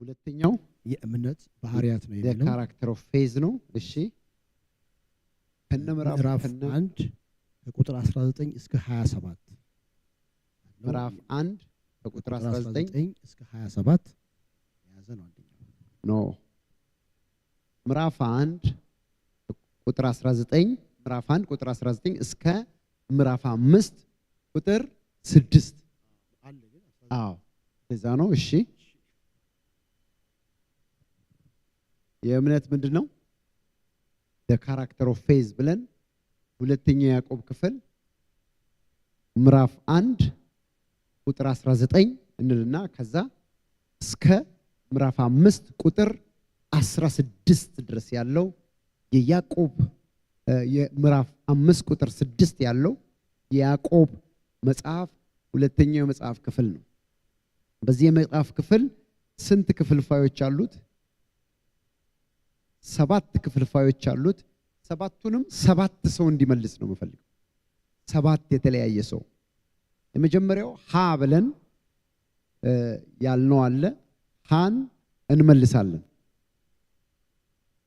ሁለተኛው የእምነት ባህርያት ነው የሚለው ካራክተር ኦፍ ፌዝ ነው። እሺ ከነ ምዕራፍ አንድ ከቁጥር 19 እስከ 27 ምዕራፍ አንድ ከቁጥር 19 እስከ 27 የያዘ ነው። አንደኛው ኖ ምዕራፍ አንድ ቁጥር 19 ምዕራፍ አንድ ቁጥር 19 እስከ ምዕራፍ አምስት ቁጥር ስድስት አዎ፣ እዛ ነው። እሺ የእምነት ምንድን ነው ካራክተር ኦፍ ፌዝ ብለን ሁለተኛው ያዕቆብ ክፍል ምዕራፍ አንድ ቁጥር 19 እንልና ከዛ እስከ ምዕራፍ አምስት ቁጥር 16 ድረስ ያለው የያዕቆብ የምዕራፍ አምስት ቁጥር ስድስት ያለው የያዕቆብ መጽሐፍ ሁለተኛው የመጽሐፍ ክፍል ነው። በዚህ የመጽሐፍ ክፍል ስንት ክፍልፋዮች አሉት? ሰባት ክፍልፋዮች አሉት። ሰባቱንም ሰባት ሰው እንዲመልስ ነው የምፈልገው። ሰባት የተለያየ ሰው። የመጀመሪያው ሀ ብለን ያልነው አለ። ሀን እንመልሳለን።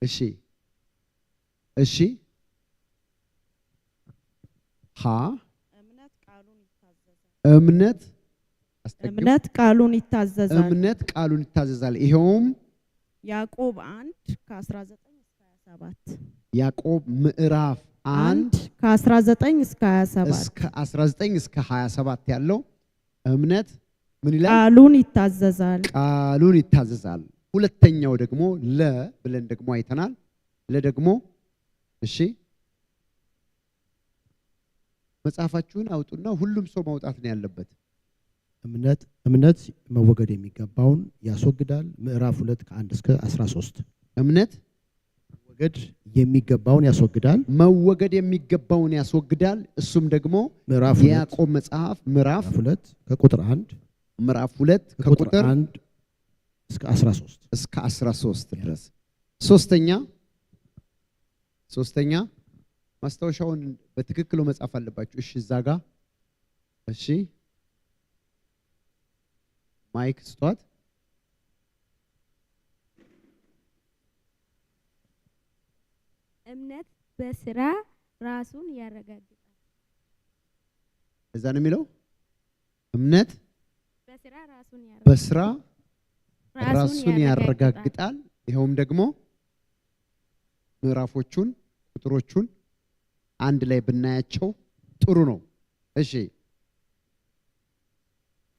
እሺ፣ እሺ። ሀ እምነት እምነት ቃሉን ይታዘዛል። እምነት ቃሉን ይታዘዛል። ይኸውም ያዕቆብ 1 ከ19 እስከ 27 ያዕቆብ ምዕራፍ 1 ከ19 እስከ 27 እስከ 19 እስከ 27 ያለው እምነት ምን ይላል? ቃሉን ይታዘዛል። ቃሉን ይታዘዛል። ሁለተኛው ደግሞ ለ ብለን ደግሞ አይተናል። ለ ደግሞ እሺ፣ መጽሐፋችሁን አውጡና ሁሉም ሰው ማውጣት ነው ያለበት። እምነት እምነት መወገድ የሚገባውን ያስወግዳል። ምዕራፍ ሁለት ከአንድ እስከ አስራ ሶስት እምነት መወገድ የሚገባውን ያስወግዳል መወገድ የሚገባውን ያስወግዳል። እሱም ደግሞ ምዕራፍ የያዕቆብ መጽሐፍ ምዕራፍ ሁለት ከቁጥር አንድ ምዕራፍ ሁለት ከቁጥር አንድ እስከ አስራ ሶስት እስከ አስራ ሶስት ድረስ ሶስተኛ ሶስተኛ ማስታወሻውን በትክክሉ መጻፍ አለባችሁ። እሺ እዛ ጋ እሺ ማይክ ስጧት። እምነት በስራ ራሱን ያረጋግጣል። እዛ ነው የሚለው እምነት በስራ ራሱን ያረጋግጣል። ይኸውም ደግሞ ምዕራፎቹን ቁጥሮቹን አንድ ላይ ብናያቸው ጥሩ ነው። እሺ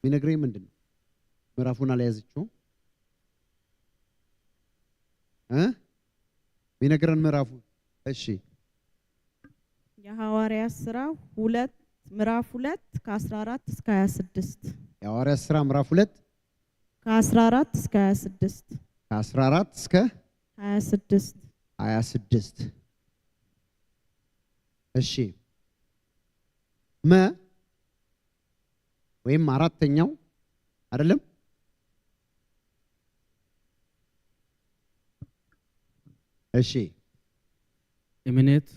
የሚነግረኝ ምንድን ነው? ምዕራፉን አልያዘችውም የሚነግረን ምዕራፉ እሺ የሐዋርያ ስራ ሁለት ምዕራፍ ሁለት ከአስራ አራት እስከ ሀያ ስድስት ስራ ምዕራፍ ሁለት ከአስራ አራት እስከ ሀያ ስድስት ከአስራ አራት እስከ ሀያ ስድስት ሀያ ስድስት እሺ መ ወይም አራተኛው አይደለም እሺ እምነት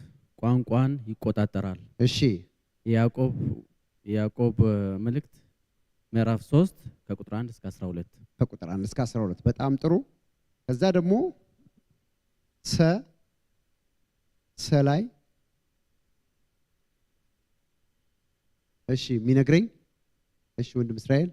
ቋንቋን ይቆጣጠራል። እሺ ያዕቆብ ያዕቆብ መልእክት ምዕራፍ 3 ከቁጥር 1 እስከ 12 ከቁጥር 1 እስከ 12 በጣም ጥሩ። ከዛ ደግሞ ሰ ሰላይ እሺ የሚነግረኝ እሺ ወንድም እስራኤል